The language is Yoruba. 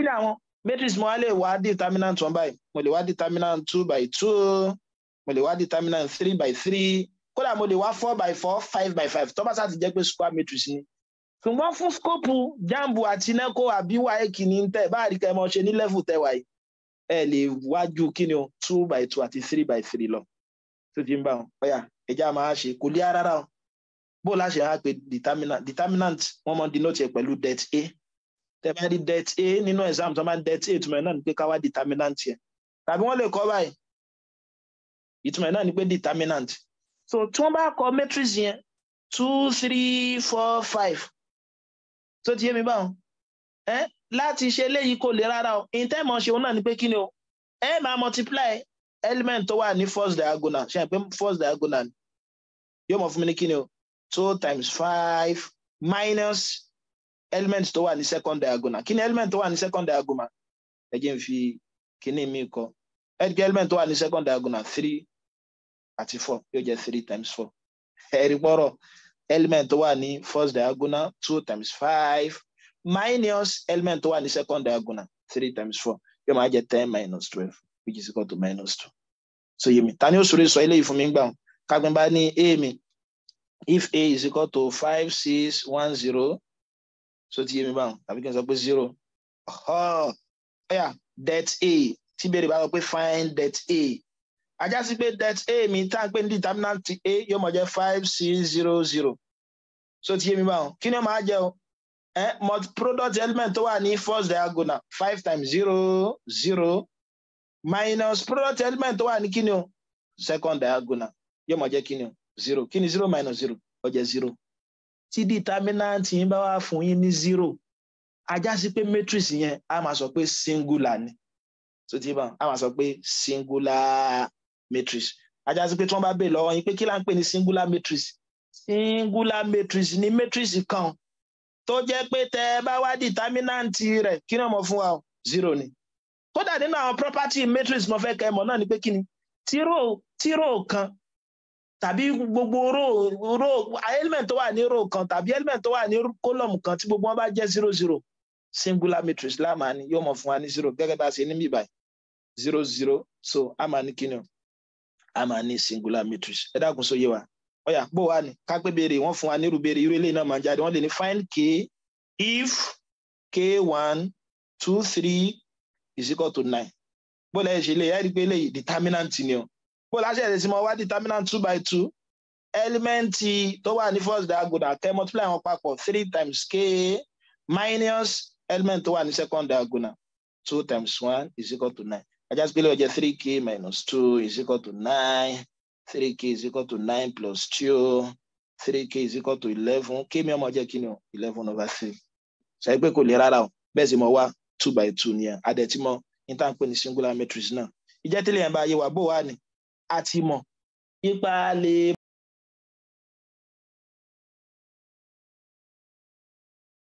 kílẹ̀ àwọn matrix mo wá lè wá determinant one by mo lè wá determinant two by two mo lè wá determinant three by three kódà mo lè wá four by four five by five tó bá sá ti jẹ́ pé square matrix ni ṣùgbọ́n fún skopu jambu àti neco àbí wáyé kìíní tẹ báàrí kẹ mọ ṣe ní lẹ́fù tẹwàá yìí ẹ lè wájú kíni o two by two àti three by three lọ tó ti ń bá wọn ọyà ẹja máa ṣe kò lé rárá o bó la ṣe hàn determinant wọn mọ denote pẹ̀lú det a tẹ bá rí det a nínú exam tó bá ń det a ìtumọ̀ ẹ̀ náà ni pé ká wá determinant yẹn tàbí wọ́n lè kọ́ báyìí ìtumọ̀ ẹ̀ náà ni pé determinant so tí wọ́n bá kọ matrix yẹn two three four five tó ti yé mi báwọn ẹ láti ṣe eléyìí kò lè rárá o in time ṣe òun náà ni pé kí ni o ẹ máa multiply element tó wà ní first diagonal ṣe àpé first diagonal yóò mọ̀ fún mi ní kí ni o two times five minus element tó wà ní second diagonal kí ni element tó wà ní second diagonal ẹ jẹ́ n fi kíní mi kọ ẹgbẹ́ element tó wà ní second diagonal three àti four yóò jẹ́ three times four ẹ̀rí gbọ́rọ̀ element tó wà ní first diagonal two times five minus element tó wà ní second diagonal three times four yóò máa jẹ́ ten minus twelve which is equal to minus two so yèmí ta ni ó sọ̀rọ̀ sọ eléyìí fún mi gbà wọn bá ní a mi if a is equal to five six one zero so ti yé mi báwọn tàbí kí n sọ pé zero det a tí béèrè bá sọ pé find det a ajá sí pé det a mi tá à ń ní determinant a yóò máa jẹ́ five six zero zero so ti yé mi báwọn kí ni ó máa jẹ o eh, multi product element tó wà ní first diagonal five times zero zero minus product element tó wà ní kí ni o second diagonal yóò máa jẹ́ kí ni o zero kí ni zero minus zero ó jẹ́ zero tí dìtámínàntì yín bá wà fún yín ní zero ajá sí pé matrix yẹn a máa sọ pé singular ni tó ti bá a máa sọ pé singular matrix ajá sí pé tí wọ́n bá béèrè lọ́wọ́ yín pé kí là ń pè ní singular matrix singular matrix ni matrix kan tó jẹ́ pé tẹ́ ẹ bá wá dìtámínàntì rẹ̀ kí ni ọmọ fún wa zero ni kódà nínú àwọn property matrix mo fẹ́ kẹ́ ẹ mọ̀ náà ni pé kí ni tírò tírò kan tàbí gbogbo row row element tó wà ní row kan tàbí element tó wà ní column kan tí gbogbo wọn bá jẹ́ zero zero singular matrix láàmà ni yóò mọ̀ fún wa ní zero gẹ́gẹ́ bá a ṣe ní mí báyìí zero zero so a máa ní kíni o a ní singular matrix ẹ dákun so yé wa ọyà bó wà ní ká pé béèrè wọn fún wa nírú béèrè irú eléyìí náà máa jáde wọn lè ní find k if k one two three is equal to nine bó lẹ́yìn ṣe lè yá rí pé eléyìí determinant ni o bó láṣẹ ìrètí mọ wá determinant two by two ẹlímẹ́ǹtì tó wà ní first diagonal kẹ́ multiply wọn papọ̀ three times k minus element tó wà ní second diagonal two times one is equal to nine ajá sí pé lóò three k minus two is equal to nine three k is equal to nine plus two three k is equal to eleven k mi ọmọ jẹ́ kí o eleven over three ṣe é pé kò lè rárá o bẹ́ẹ̀ sì mọ wá two by two nìyẹn adẹ̀tí mọ ní ni à ń pè ní singular matrix náà ìjẹ́ tí lè yẹn bá yé wa bó wà ní àti mọ̀ ipa lè